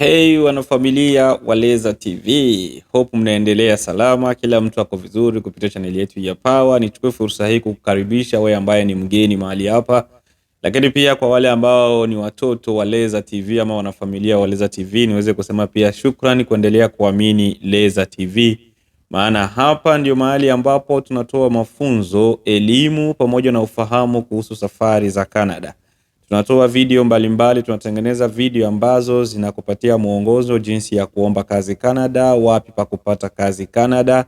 Hey wanafamilia waleza TV, hope mnaendelea salama, kila mtu ako vizuri kupitia chaneli yetu ya Power. Nichukue fursa hii kukukaribisha wewe ambaye ni mgeni mahali hapa, lakini pia kwa wale ambao ni watoto wa Leza TV ama wanafamilia Waleza TV, niweze kusema pia shukrani kuendelea kuamini Leza TV, maana hapa ndio mahali ambapo tunatoa mafunzo, elimu pamoja na ufahamu kuhusu safari za Canada. Tunatoa video mbalimbali mbali, tunatengeneza video ambazo zinakupatia mwongozo jinsi ya kuomba kazi Canada, wapi pa kupata kazi Canada,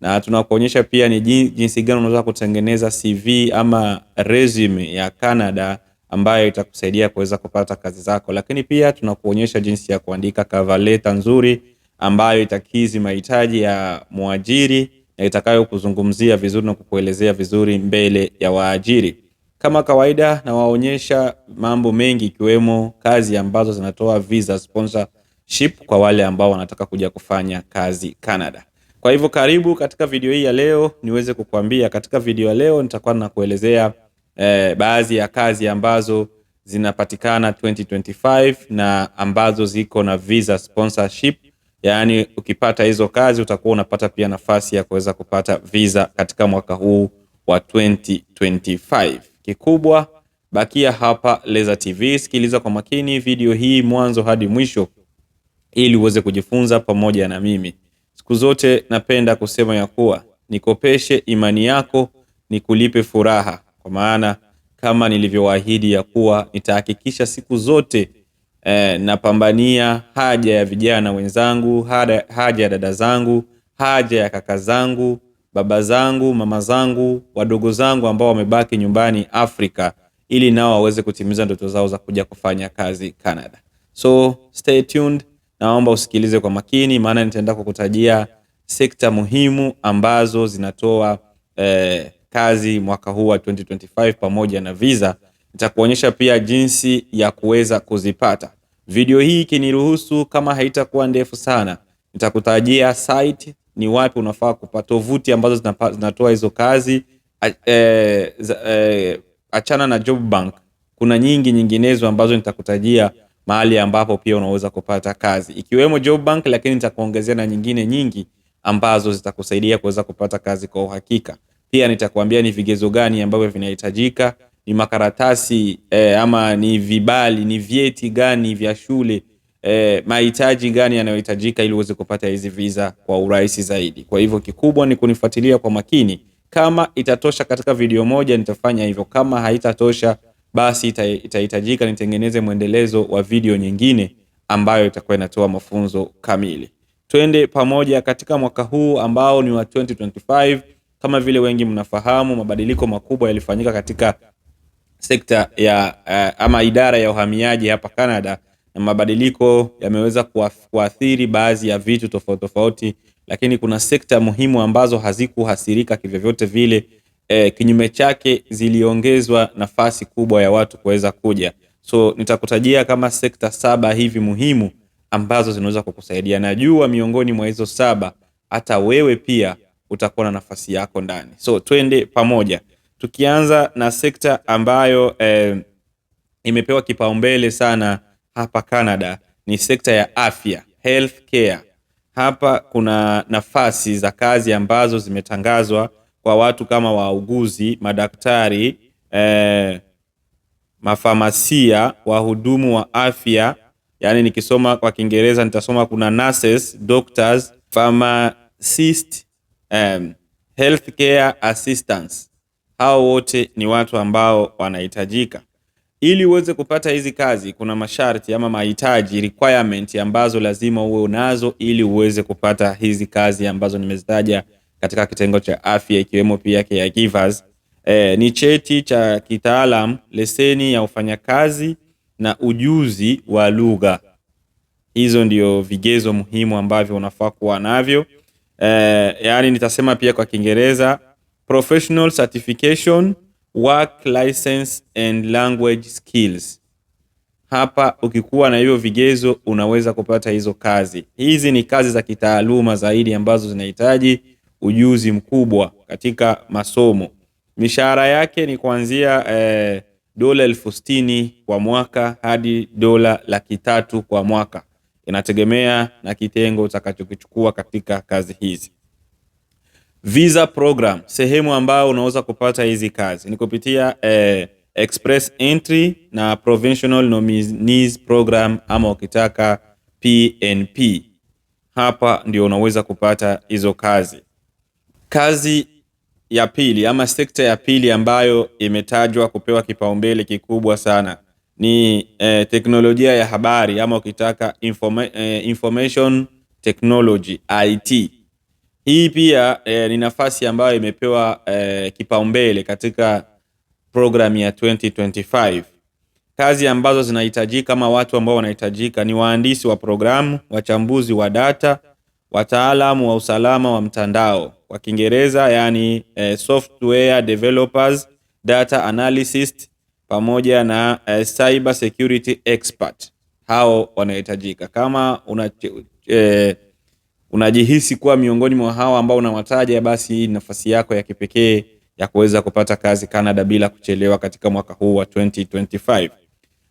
na tunakuonyesha pia ni jinsi gani unaweza kutengeneza CV ama resume ya Canada ambayo itakusaidia kuweza kupata kazi zako, lakini pia tunakuonyesha jinsi ya kuandika cover letter nzuri ambayo itakizi mahitaji ya mwajiri na itakayokuzungumzia vizuri na kukuelezea vizuri mbele ya waajiri. Kama kawaida, nawaonyesha mambo mengi ikiwemo kazi ambazo zinatoa visa sponsorship kwa wale ambao wanataka kuja kufanya kazi Canada. Kwa hivyo karibu katika video hii ya leo, niweze kukuambia. Katika video ya leo nitakuwa nakuelezea eh, baadhi ya kazi ambazo zinapatikana 2025 na ambazo ziko na visa sponsorship. Yaani ukipata hizo kazi utakuwa unapata pia nafasi ya kuweza kupata visa katika mwaka huu wa 2025 kikubwa. Bakia hapa Leza TV, sikiliza kwa makini video hii mwanzo hadi mwisho ili uweze kujifunza pamoja na mimi. Siku zote napenda kusema ya kuwa nikopeshe imani yako nikulipe furaha, kwa maana kama nilivyowaahidi ya kuwa nitahakikisha siku zote eh, napambania haja ya vijana wenzangu, haja ya dada zangu, haja ya kaka zangu baba zangu, mama zangu, wadogo zangu ambao wamebaki nyumbani Afrika ili nao waweze kutimiza ndoto zao za kuja kufanya kazi Canada. So stay tuned, naomba usikilize kwa makini, maana nitaenda kukutajia sekta muhimu ambazo zinatoa eh, kazi mwaka huu wa 2025 pamoja na visa. Nitakuonyesha pia jinsi ya kuweza kuzipata. Video hii ikiniruhusu, kama haitakuwa ndefu sana, nitakutajia site ni wapi unafaa kupata tovuti ambazo zinatoa hizo kazi eh, eh, achana na job bank, kuna nyingi nyinginezo ambazo nitakutajia mahali ambapo pia unaweza kupata kazi ikiwemo job bank, lakini nitakuongezea na nyingine nyingi ambazo zitakusaidia kuweza kupata kazi kwa uhakika. Pia nitakuambia ni vigezo gani ambavyo vinahitajika, ni makaratasi eh, ama ni vibali, ni vyeti gani vya shule eh, mahitaji gani yanayohitajika ili uweze kupata hizi visa kwa urahisi zaidi. Kwa hivyo kikubwa ni kunifuatilia kwa makini. Kama itatosha katika video moja nitafanya hivyo, kama haitatosha basi itahitajika nitengeneze mwendelezo wa video nyingine ambayo itakuwa inatoa mafunzo kamili. Twende pamoja katika mwaka huu ambao ni wa 2025. Kama vile wengi mnafahamu, mabadiliko makubwa yalifanyika katika sekta ya uh, ama idara ya uhamiaji hapa Canada na mabadiliko yameweza kuathiri baadhi ya vitu tofauti tofauti, lakini kuna sekta muhimu ambazo hazikuhasirika kivyovyote vile. E, kinyume chake ziliongezwa nafasi kubwa ya watu kuweza kuja. So nitakutajia kama sekta saba hivi muhimu ambazo zinaweza kukusaidia. Najua miongoni mwa hizo saba hata wewe pia utakuwa na nafasi yako ndani. So twende pamoja, tukianza na sekta ambayo e, imepewa kipaumbele sana hapa Canada ni sekta ya afya, health care. Hapa kuna nafasi za kazi ambazo zimetangazwa kwa watu kama wauguzi, madaktari, eh, mafamasia, wahudumu wa afya. Yani nikisoma kwa Kiingereza nitasoma kuna nurses, doctors, pharmacist, um, healthcare assistants. Hao wote ni watu ambao wanahitajika. Ili uweze kupata hizi kazi, kuna masharti ama mahitaji requirement ambazo lazima uwe unazo ili uweze kupata hizi kazi ambazo nimezitaja katika kitengo cha afya, ikiwemo pia caregivers. E, eh, ni cheti cha kitaalam, leseni ya ufanyakazi na ujuzi wa lugha. Hizo ndio vigezo muhimu ambavyo unafaa kuwa navyo. E, eh, yani nitasema pia kwa Kiingereza professional certification work license and language skills. Hapa ukikuwa na hivyo vigezo unaweza kupata hizo kazi. Hizi ni kazi za kitaaluma zaidi ambazo zinahitaji ujuzi mkubwa katika masomo. Mishahara yake ni kuanzia eh, dola elfu sitini kwa mwaka hadi dola laki tatu kwa mwaka, inategemea na kitengo utakachokichukua katika kazi hizi. Visa program, sehemu ambayo unaweza kupata hizi kazi ni kupitia eh, express entry na provincial nominees program, ama ukitaka PNP. Hapa ndio unaweza kupata hizo kazi. Kazi ya pili ama sekta ya pili ambayo imetajwa kupewa kipaumbele kikubwa sana ni eh, teknolojia ya habari ama ukitaka informa, eh, information technology IT. Hii pia eh, ni nafasi ambayo imepewa eh, kipaumbele katika programu ya 2025. Kazi ambazo zinahitajika kama watu ambao wanahitajika ni waandisi wa programu, wachambuzi wa data, wataalamu wa usalama wa mtandao kwa Kiingereza yani, eh, software developers, data analyst pamoja na eh, cyber security expert. Hao wanahitajika kama una eh, unajihisi kuwa miongoni mwa hawa ambao unawataja, basi hii nafasi yako ya kipekee ya kuweza kupata kazi Canada bila kuchelewa katika mwaka huu wa 2025.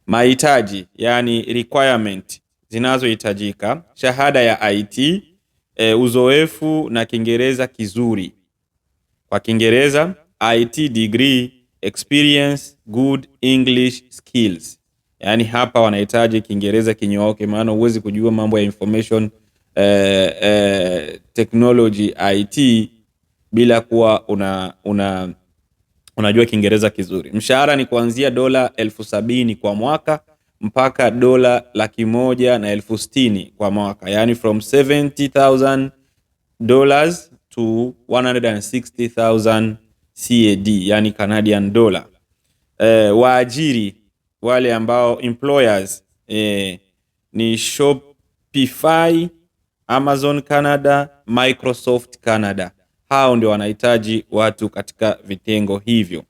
Mahitaji yani requirement zinazohitajika: shahada ya IT, e, eh, uzoefu na Kiingereza kizuri. Kwa Kiingereza IT degree, experience, good English skills. Yaani hapa wanahitaji Kiingereza kinyooke, maana huwezi kujua mambo ya information eh, eh, technology IT bila kuwa una, una, unajua Kiingereza kizuri. Mshahara ni kuanzia dola elfu sabini kwa mwaka mpaka dola laki moja na elfu sitini kwa mwaka, yani from 70000 dollars to 160000 CAD, yani Canadian dollar. Eh, waajiri wale ambao employers eh, ni Shopify Amazon Canada, Microsoft Canada. Hao ndio wanahitaji watu katika vitengo hivyo.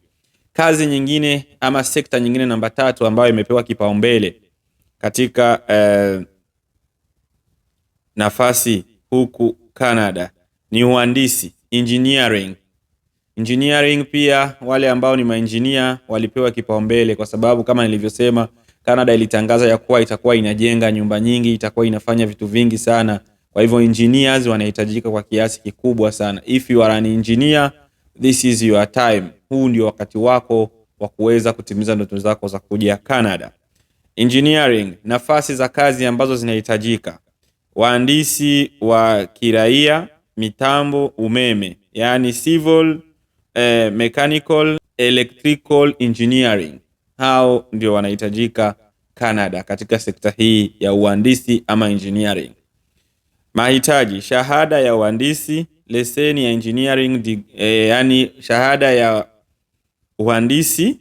Kazi nyingine ama sekta nyingine namba tatu ambayo imepewa kipaumbele katika eh, nafasi huku Canada ni uhandisi engineering. Engineering pia wale ambao ni maengineer walipewa kipaumbele kwa sababu kama nilivyosema, Canada ilitangaza ya kuwa itakuwa inajenga nyumba nyingi, itakuwa inafanya vitu vingi sana kwa hivyo engineers wanahitajika kwa kiasi kikubwa sana. If you are an engineer, this is your time. Huu ndio wakati wako wa kuweza kutimiza ndoto zako za kuja Canada. Engineering, nafasi za kazi ambazo zinahitajika: wahandisi wa kiraia, mitambo, umeme, yani civil, eh, mechanical, electrical engineering. Hao ndio wanahitajika Canada katika sekta hii ya uhandisi ama engineering. Mahitaji: shahada ya uhandisi, leseni ya engineering e, yani shahada ya uhandisi,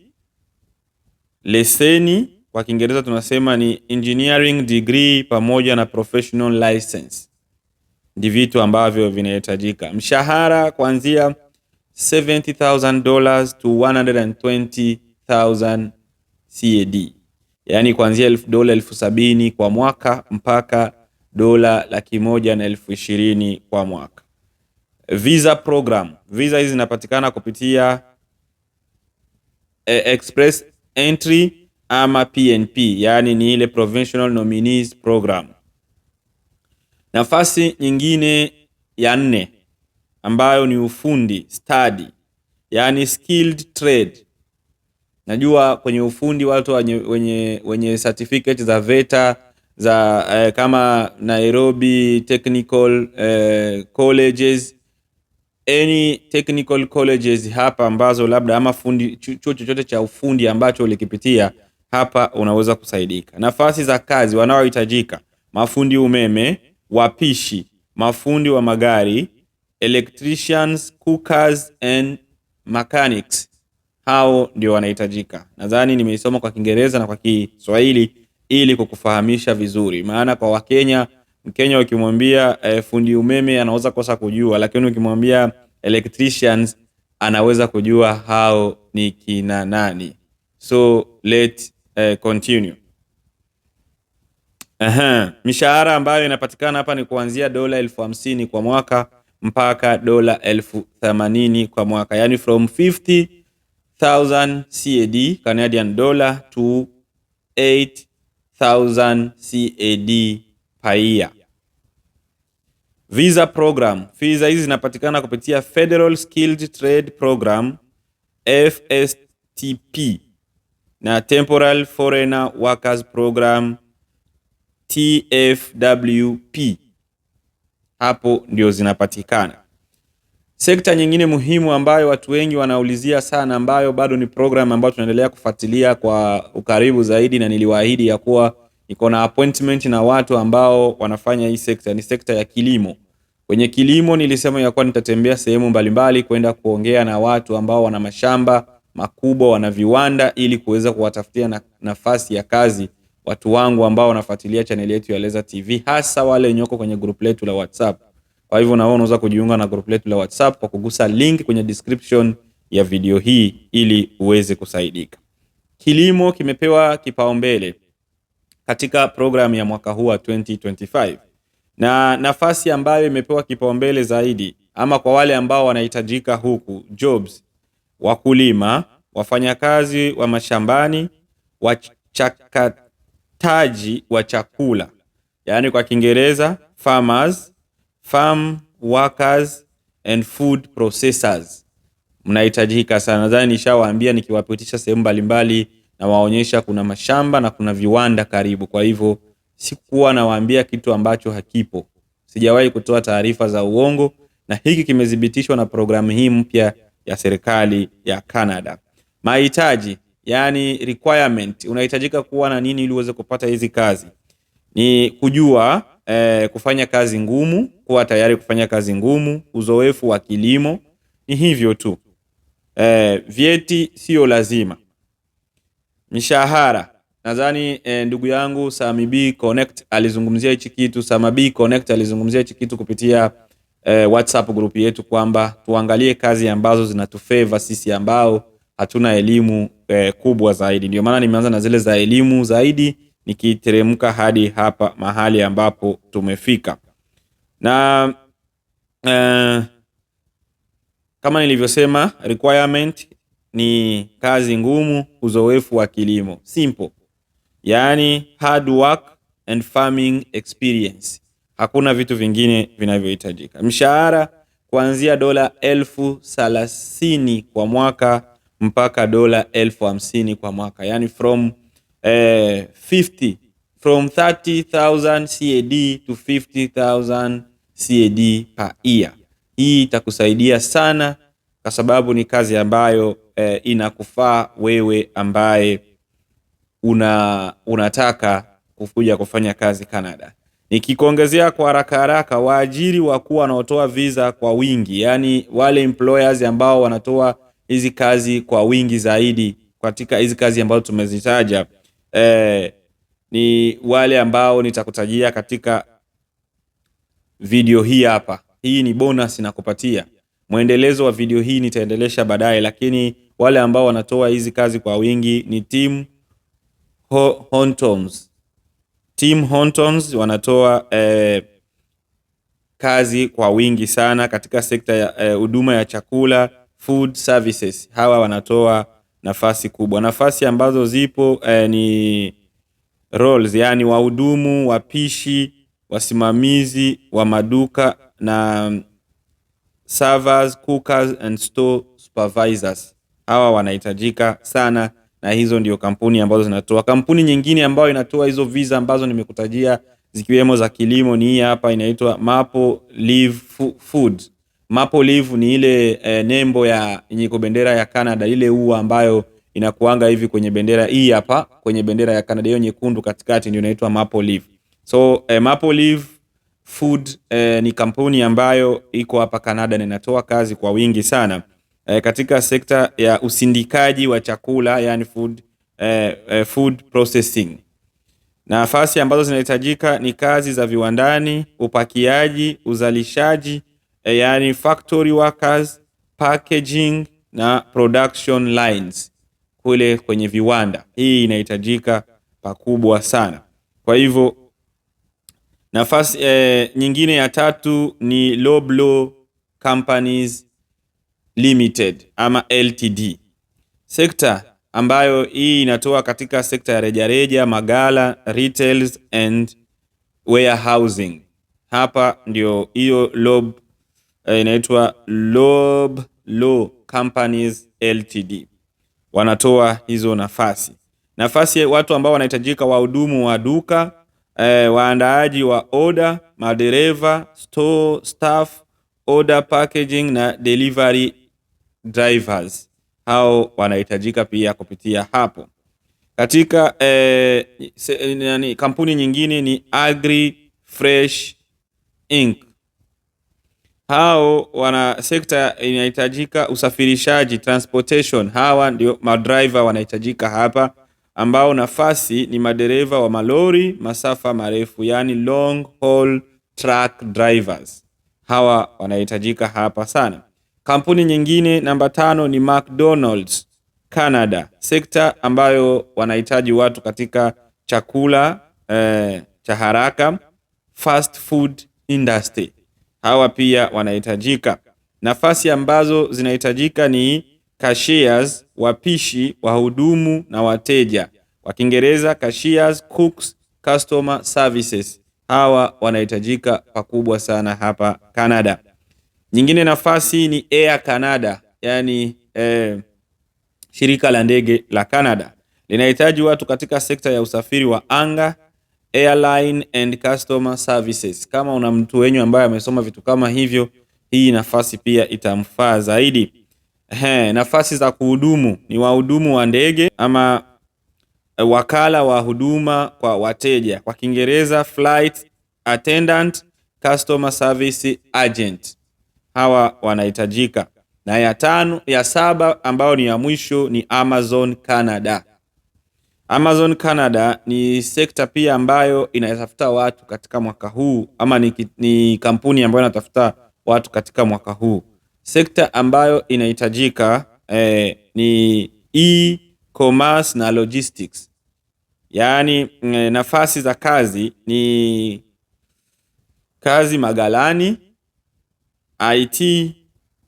leseni kwa Kiingereza tunasema ni engineering degree pamoja na professional license, ndi vitu ambavyo vinahitajika. Mshahara kuanzia $70,000 to 120,000 CAD, yani kuanzia dola elfu sabini kwa mwaka mpaka dola laki moja na elfu ishirini kwa mwaka. Visa program, visa hizi zinapatikana kupitia eh, Express Entry ama PNP, yaani ni ile Provincial Nominees Program. Nafasi nyingine ya nne ambayo ni ufundi study, yaani skilled trade. Najua kwenye ufundi watu wenye, wenye, wenye certificate za VETA za eh, kama Nairobi Technical eh, Colleges, any technical colleges hapa ambazo labda ama fundi chuo chochote cha ufundi ambacho ulikipitia hapa unaweza kusaidika. Nafasi za kazi wanaohitajika mafundi umeme, wapishi, mafundi wa magari, electricians, cookers and mechanics. Hao ndio wanahitajika. Nadhani nimeisoma kwa Kiingereza na kwa Kiswahili ili kukufahamisha vizuri, maana kwa Wakenya, Mkenya ukimwambia eh, fundi umeme anaweza kosa kujua, lakini ukimwambia electricians anaweza kujua hao ni kina nani. So let eh, continue. Aha, mishahara ambayo inapatikana hapa ni kuanzia dola elfu hamsini kwa mwaka mpaka dola elfu themanini kwa mwaka, yani from 50,000 CAD Canadian dollar to 8 1000 CAD per year. Visa program. Visa hizi zinapatikana kupitia Federal Skilled Trade Program FSTP na Temporal Foreigner Workers Program TFWP. Hapo ndio zinapatikana. Sekta nyingine muhimu ambayo watu wengi wanaulizia sana, ambayo bado ni program ambayo tunaendelea kufuatilia kwa ukaribu zaidi, na niliwaahidi ya kuwa niko na appointment na watu ambao wanafanya hii sekta, ni sekta ya kilimo. Kwenye kilimo nilisema ya kuwa nitatembea sehemu mbalimbali kwenda kuongea na watu ambao wana mashamba makubwa, wana viwanda, ili kuweza kuwatafutia na, nafasi ya kazi watu wangu ambao wanafuatilia chaneli yetu ya Leza TV, hasa wale wenyeko kwenye group letu la WhatsApp. Kwa hivyo na wewe unaweza kujiunga na group letu la WhatsApp kwa kugusa link kwenye description ya video hii ili uweze kusaidika. Kilimo kimepewa kipaumbele katika programu ya mwaka huu wa 2025 na nafasi ambayo imepewa kipaumbele zaidi ama kwa wale ambao wanahitajika huku jobs, wakulima, wafanyakazi wa mashambani, wachakataji wa chakula, yaani kwa Kiingereza farmers farm workers and food processors. Mnahitajika sana, nadhani nishawaambia nikiwapitisha sehemu mbalimbali, nawaonyesha kuna mashamba na kuna viwanda karibu. Kwa hivyo sikuwa nawaambia kitu ambacho hakipo, sijawahi kutoa taarifa za uongo, na hiki kimethibitishwa na programu hii mpya ya serikali ya Canada. Mahitaji yani requirement, unahitajika kuwa na nini ili uweze kupata hizi kazi? Ni kujua eh, kufanya kazi ngumu, kuwa tayari kufanya kazi ngumu, uzoefu wa kilimo. Ni hivyo tu. Eh, vyeti sio lazima. Mishahara nadhani eh, ndugu yangu Sami B Connect alizungumzia hichi kitu. Sami B Connect alizungumzia hichi kitu kupitia eh, WhatsApp group yetu kwamba tuangalie kazi ambazo zinatufeva sisi ambao hatuna elimu eh, kubwa zaidi. Ndio maana nimeanza na zile za elimu zaidi nikiteremka hadi hapa mahali ambapo tumefika na uh, kama nilivyosema, requirement ni kazi ngumu, uzoefu wa kilimo simple, yaani hard work and farming experience. Hakuna vitu vingine vinavyohitajika. Mshahara kuanzia dola elfu thelathini kwa mwaka mpaka dola elfu hamsini kwa mwaka, yaani from eh, 50 from 30000 CAD to 50000 CAD per year. Hii itakusaidia sana kwa sababu ni kazi ambayo eh, inakufaa wewe ambaye una unataka kuja kufanya kazi Canada. Nikikuongezea kwa haraka haraka, waajiri wakuu wanaotoa visa kwa wingi, yaani wale employers ambao wanatoa hizi kazi kwa wingi zaidi katika hizi kazi ambazo tumezitaja eh, ni wale ambao nitakutajia katika video hii hapa. Hii ni bonus nakupatia. Mwendelezo wa video hii nitaendelesha baadaye, lakini wale ambao wanatoa hizi kazi kwa wingi ni team Ho Hontons. Team Hontons wanatoa eh, kazi kwa wingi sana katika sekta ya eh, huduma eh, ya chakula food services. Hawa wanatoa nafasi kubwa. Nafasi ambazo zipo eh, ni roles, yani wahudumu, wapishi, wasimamizi wa maduka na mm, servers, cookers and store supervisors. Hawa wanahitajika sana, na hizo ndio kampuni ambazo zinatoa. Kampuni nyingine ambayo inatoa hizo visa ambazo nimekutajia zikiwemo za kilimo ni hii hapa, inaitwa Maple Leaf Food. Maple leaf ni ile e, nembo ya yenye iko bendera ya Canada, ile ua ambayo inakuanga hivi kwenye bendera hii hapa, kwenye bendera ya Canada hiyo nyekundu katikati, ndio inaitwa Maple leaf. So e, eh, Maple leaf food e, ni kampuni ambayo iko hapa Canada na inatoa kazi kwa wingi sana e, katika sekta ya usindikaji wa chakula yani food, e, e, food processing. Nafasi ambazo zinahitajika ni kazi za viwandani, upakiaji, uzalishaji Eh, yani factory workers, packaging na production lines kule kwenye viwanda. Hii inahitajika pakubwa sana. Kwa hivyo nafasi e, nyingine ya tatu ni Loblaw Companies Limited ama LTD, sekta ambayo hii inatoa katika sekta ya rejareja, magala, retails and warehousing. Hapa ndio hiyo Lob uh, inaitwa Lob Law Companies Ltd. Wanatoa hizo nafasi nafasi watu ambao wanahitajika, wahudumu wa duka eh, waandaaji wa order, madereva, store staff, order packaging na delivery drivers. Hao wanahitajika pia kupitia hapo. Katika eh, se, nani, kampuni nyingine ni Agri Fresh Inc hao wana sekta inahitajika usafirishaji transportation. Hawa ndio madriva wanahitajika hapa, ambao nafasi ni madereva wa malori masafa marefu, yani long haul truck drivers. Hawa wanahitajika hapa sana. Kampuni nyingine namba tano ni McDonald's Canada, sekta ambayo wanahitaji watu katika chakula eh, cha haraka fast food industry hawa pia wanahitajika. Nafasi ambazo zinahitajika ni cashiers, wapishi, wahudumu na wateja. Kwa Kiingereza cashiers, cooks, customer services. Hawa wanahitajika pakubwa sana hapa Canada. Nyingine nafasi ni Air Canada, yani eh, shirika la ndege la Canada linahitaji watu katika sekta ya usafiri wa anga airline and customer services. Kama una mtu wenyu ambaye amesoma vitu kama hivyo, hii nafasi pia itamfaa zaidi. He, nafasi za kuhudumu ni wahudumu wa ndege ama eh, wakala wa huduma kwa wateja, kwa Kiingereza flight attendant, customer service agent. Hawa wanahitajika. Na ya tano, ya saba ambayo ni ya mwisho ni Amazon Canada. Amazon Canada ni sekta pia ambayo inatafuta watu katika mwaka huu ama ni, ni kampuni ambayo inatafuta watu katika mwaka huu. Sekta ambayo inahitajika eh, ni e-commerce na logistics. Yaani eh, nafasi za kazi ni kazi magalani IT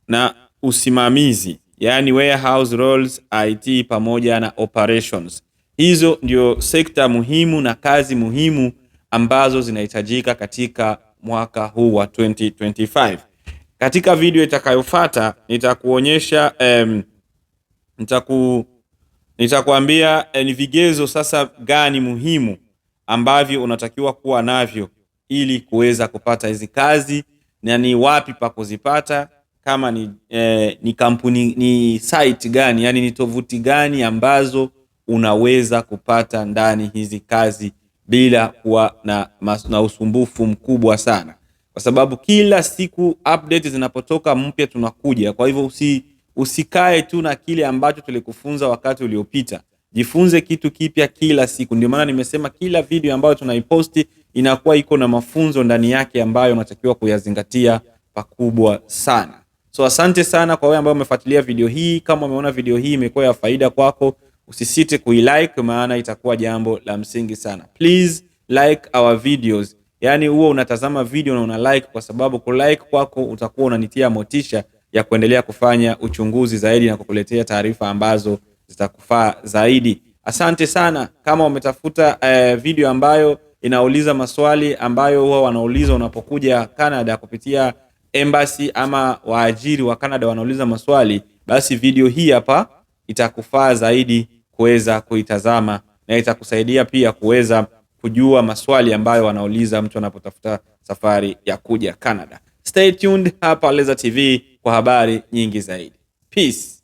na usimamizi, yaani warehouse roles, IT pamoja na operations. Hizo ndio sekta muhimu na kazi muhimu ambazo zinahitajika katika mwaka huu wa 2025. Katika video itakayofuata nitakuonyesha um, nitaku nitakuambia eh, ni vigezo sasa gani muhimu ambavyo unatakiwa kuwa navyo ili kuweza kupata hizi kazi na ni wapi pa kuzipata, kama ni, eh, ni kampuni ni site gani, yani ni tovuti gani ambazo unaweza kupata ndani hizi kazi bila kuwa na, na usumbufu mkubwa sana, kwa sababu kila siku update zinapotoka mpya tunakuja. Kwa hivyo usi, usikae tu na kile ambacho tulikufunza wakati uliopita, jifunze kitu kipya kila siku. Ndio maana nimesema kila video ambayo tunaiposti inakuwa iko na mafunzo ndani yake ambayo unatakiwa kuyazingatia pakubwa sana. So asante sana kwa wewe ambao umefuatilia video hii. Kama umeona video hii imekuwa ya faida kwako, Usisite kuilike, maana itakuwa jambo la msingi sana. Please like our videos, yaani huo unatazama video na una like, kwa sababu like kwako utakuwa unanitia motisha ya kuendelea kufanya uchunguzi zaidi na kukuletea taarifa ambazo zitakufaa zaidi. Asante sana. Kama umetafuta uh, video ambayo inauliza maswali ambayo huwa wanauliza unapokuja Canada kupitia embassy ama waajiri wa Canada wanauliza maswali, basi video hii hapa itakufaa zaidi kuweza kuitazama na itakusaidia pia kuweza kujua maswali ambayo wanauliza mtu anapotafuta safari ya kuja Canada. Stay tuned hapa Leza TV kwa habari nyingi zaidi. Peace.